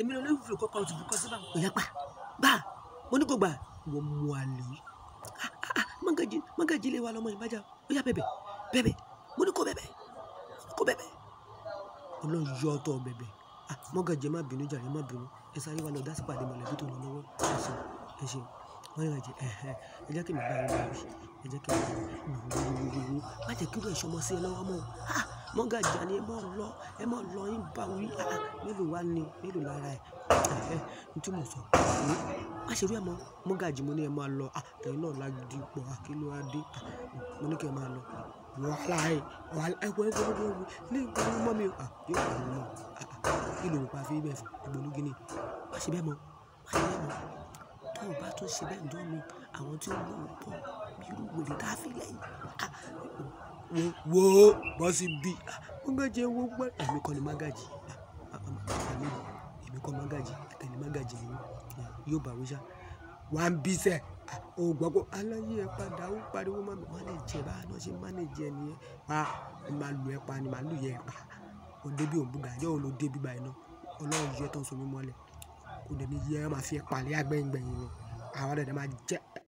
èmi ló lóyún fún kọ́kọ́ tùbú kọ́ síbà kò yapa bá mo ní kò gbà wọ́n mú àlè ah, ah, ah, mọ́gàjì mọ́gàjì lè wà lọ́mọ ìbájá ó yá bẹ̀bẹ̀ bẹ̀bẹ̀ mo ní kò bẹ̀bẹ̀ kò bẹ̀bẹ̀ ọlọ́run yọ ọtọ bẹ̀bẹ̀ mọ́gàjì má bínú jàre má bínú ẹ sáré wa lọ dá sí pàdé mọ̀lẹ́bí tó lọ lọ́wọ́ ẹ ṣeun ẹ ṣeun mọ́gàjì ẹ jẹ́ kí mi bá yín bá yín ẹ jẹ́ kí mi bá yín má jẹ́ kí irú ẹ̀ṣọ́ mọ́ sí ẹ lọ́wọ́ mọ́ Mọ́gàjí Àní ẹ mọ̀ lọ ẹ mọ̀ lọ yín bá wí àà ah, mélòó wá ni mélòó lára ẹ̀ ẹ̀ ní tí mo sọ má ṣe rí ẹ mọ Mọ́gàjí mo ní ẹ máa lọ àtẹ̀yìn ah, náà lágídí pọ̀ àkíló ah, adé mo ní kẹ́ ẹ máa lọ wàhálà ẹ wàhálà ẹ wọ ẹ wọ ẹ wọ ilé ìgbàlódé mọ́ mi ò yóò kọ́ mi mọ́ kí ló ń pa fi bẹ́ẹ̀ fún ìgbòlú gíní má ṣe bẹ́ẹ̀ mọ́ má ṣe bẹ́ẹ̀ mọ́ tó o bá tún ṣe bẹ́ẹ̀ ń dán mi àwọn tí ó ń lò ó pọ̀ bí irú wèrè tá a fi lẹ́yìn wo wo bọ́sì bí mọ́gàjì ẹ̀ wo gbá èmi kọ́ ni mọ́gàjì èmi kọ́ mọ́gàjì àtẹ̀lé mọ́gàjì ni yóò bá wíṣà wà á bí sẹ́ o gbọ́ pé aláyé ẹ padà ó pariwo mọ́ mi mánèjì ẹ bá a náà ṣe mánèjì ẹ nìyẹn pa màá lu ẹ pa ni màá lu yẹ ẹ pa o débi òun búga yóò lo débi báyìí náà ọlọ́run yẹ tó ń so mí mọ́lẹ̀ kò dẹ̀ ní yẹ ẹ máa fi ẹ pàlẹ́ àgbẹ̀yìngbẹ̀yìn lọ àwọn ọ̀dẹ̀ máa jẹ́